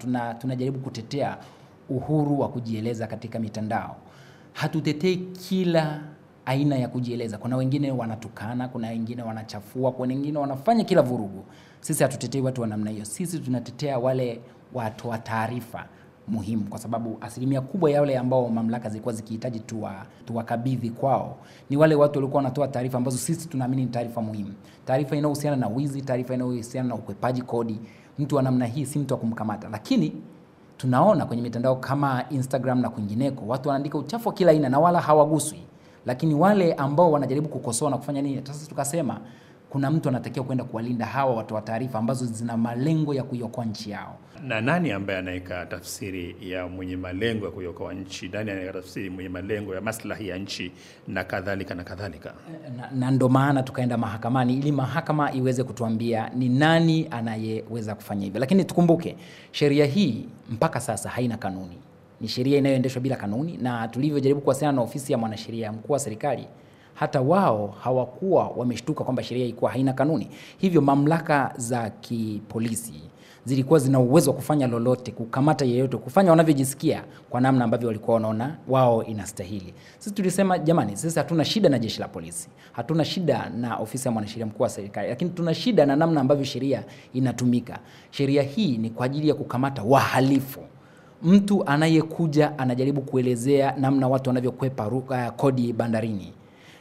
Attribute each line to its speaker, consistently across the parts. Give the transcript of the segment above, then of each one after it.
Speaker 1: tuna, tunajaribu kutetea uhuru wa kujieleza katika mitandao. Hatutetei kila aina ya kujieleza. Kuna wengine wanatukana, kuna wengine wanachafua, kuna wengine wanafanya kila vurugu. Sisi hatutetei watu wa namna hiyo. Sisi tunatetea wale watu wa taarifa muhimu, kwa sababu asilimia kubwa ya wale ambao mamlaka zilikuwa zikihitaji tuwakabidhi tuwa kwao ni wale watu walikuwa wanatoa taarifa ambazo sisi tunaamini ni taarifa muhimu, taarifa inayohusiana na wizi, taarifa inayohusiana na ukwepaji kodi. Mtu wa namna hii si mtu wa kumkamata, lakini tunaona kwenye mitandao kama Instagram na kwingineko watu wanaandika uchafu wa kila aina na wala hawaguswi, lakini wale ambao wanajaribu kukosoa na kufanya nini, sasa tukasema kuna mtu anatakiwa kwenda kuwalinda hawa watu wa taarifa ambazo zina malengo ya kuiokoa nchi yao.
Speaker 2: Na nani ambaye anaweka tafsiri ya mwenye malengo ya kuiokoa nchi? Nani anaweka tafsiri mwenye malengo ya maslahi ya nchi na kadhalika na kadhalika?
Speaker 1: Na, na ndo maana tukaenda mahakamani ili mahakama iweze kutuambia ni nani anayeweza kufanya hivyo, lakini tukumbuke sheria hii mpaka sasa haina kanuni, ni sheria inayoendeshwa bila kanuni, na tulivyojaribu kuwasiliana na ofisi ya mwanasheria mkuu wa serikali hata wao hawakuwa wameshtuka kwamba sheria ilikuwa haina kanuni. Hivyo mamlaka za kipolisi zilikuwa zina uwezo wa kufanya lolote, kukamata yeyote, kufanya wanavyojisikia kwa namna ambavyo walikuwa wanaona wao inastahili. Sisi tulisema jamani, sisi hatuna shida na jeshi la polisi, hatuna shida na ofisi ya mwanasheria mkuu wa serikali, lakini tuna shida na namna ambavyo sheria inatumika. Sheria hii ni kwa ajili ya kukamata wahalifu mtu anayekuja anajaribu kuelezea namna watu wanavyokwepa kodi bandarini,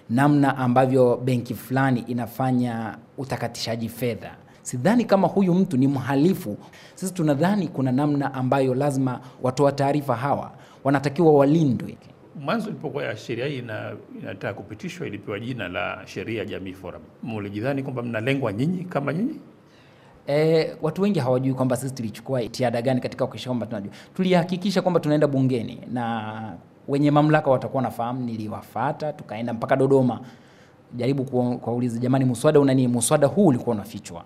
Speaker 1: namna ambavyo benki fulani inafanya utakatishaji fedha. Sidhani kama huyu mtu ni mhalifu. Sisi tunadhani kuna namna ambayo lazima watoa taarifa hawa wanatakiwa walindwe.
Speaker 2: Mwanzo ilipokuwa sheria hii ina, inataka kupitishwa, ilipewa jina la sheria ya Jamii Forum. Mulijidhani kwamba mnalengwa nyinyi kama nyinyi?
Speaker 1: E, watu wengi hawajui kwamba sisi tulichukua jitihada gani katika kuhakikisha kwamba tunajua. Tulihakikisha kwamba tunaenda bungeni na wenye mamlaka watakuwa nafahamu. Niliwafata tukaenda mpaka Dodoma, jaribu kuwauliza jamani, muswada una nini? Muswada huu ulikuwa unafichwa,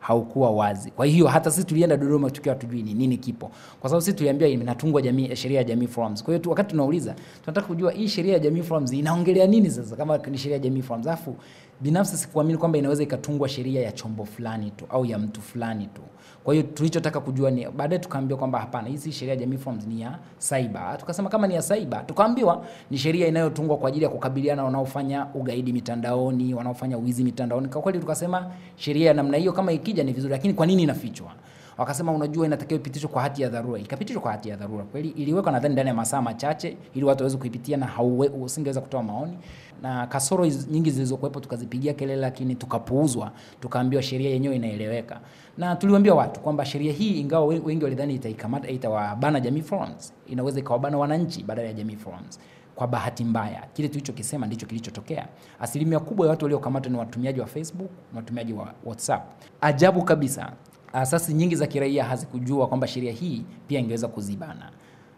Speaker 1: haukuwa wazi. Kwa hiyo hata sisi tulienda Dodoma tukiwa hatujui ni nini kipo, kwa sababu sisi tuliambiwa inatungwa jamii eh, sheria ya Jamii Forums. Kwa hiyo wakati tunauliza tunataka kujua hii sheria ya Jamii Forums inaongelea nini sasa, kama ni sheria ya Jamii Forums alafu binafsi sikuamini kwamba inaweza ikatungwa sheria ya chombo fulani tu au ya mtu fulani tu. Kwa hiyo tulichotaka kujua ni baadaye tukaambiwa kwamba hapana, hii si sheria ya Jamii Forms, ni ya cyber. Tukasema kama ni ya cyber, tukaambiwa ni sheria inayotungwa kwa ajili ya kukabiliana wanaofanya ugaidi mitandaoni, wanaofanya wizi mitandaoni. Kwa kweli tukasema sheria ya namna hiyo kama ikija ni vizuri, lakini kwa nini inafichwa? wakasema unajua, inatakiwa ipitishwe kwa hati ya dharura. Ikapitishwa kwa hati ya dharura kweli, iliwekwa nadhani ndani ya masaa machache ili watu waweze kuipitia, na hauwe, usingeweza kutoa maoni, na kasoro nyingi zilizokuwepo tukazipigia kelele, lakini tukapuuzwa, tukaambiwa sheria yenyewe inaeleweka, na tuliwaambia watu kwamba sheria hii, ingawa wengi walidhani itaikamata itawabana Jamii Forums, inaweza ikawabana wananchi badala ya Jamii Forums. Kwa bahati mbaya kile tulichokisema ndicho kilichotokea. Asilimia kubwa ya watu waliokamatwa ni watumiaji wa Facebook na watumiaji wa WhatsApp. Ajabu kabisa, asasi nyingi za kiraia hazikujua kwamba sheria hii pia ingeweza kuzibana.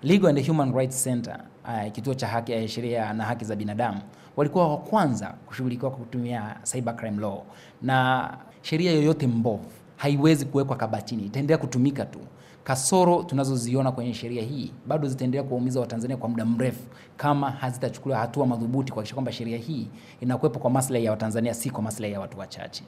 Speaker 1: Legal and Human Rights Center, uh, kituo cha haki ya eh, sheria na haki za binadamu, walikuwa wa kwanza kushughulikiwa kwa kutumia cybercrime law, na sheria yoyote mbovu haiwezi kuwekwa kabatini, itaendelea kutumika tu. Kasoro tunazoziona kwenye sheria hii bado zitaendelea kuwaumiza Watanzania kwa muda mrefu, kama hazitachukuliwa hatua madhubuti kuhakikisha kwamba sheria hii inakuwepo kwa maslahi ya Watanzania, si kwa maslahi ya watu wachache.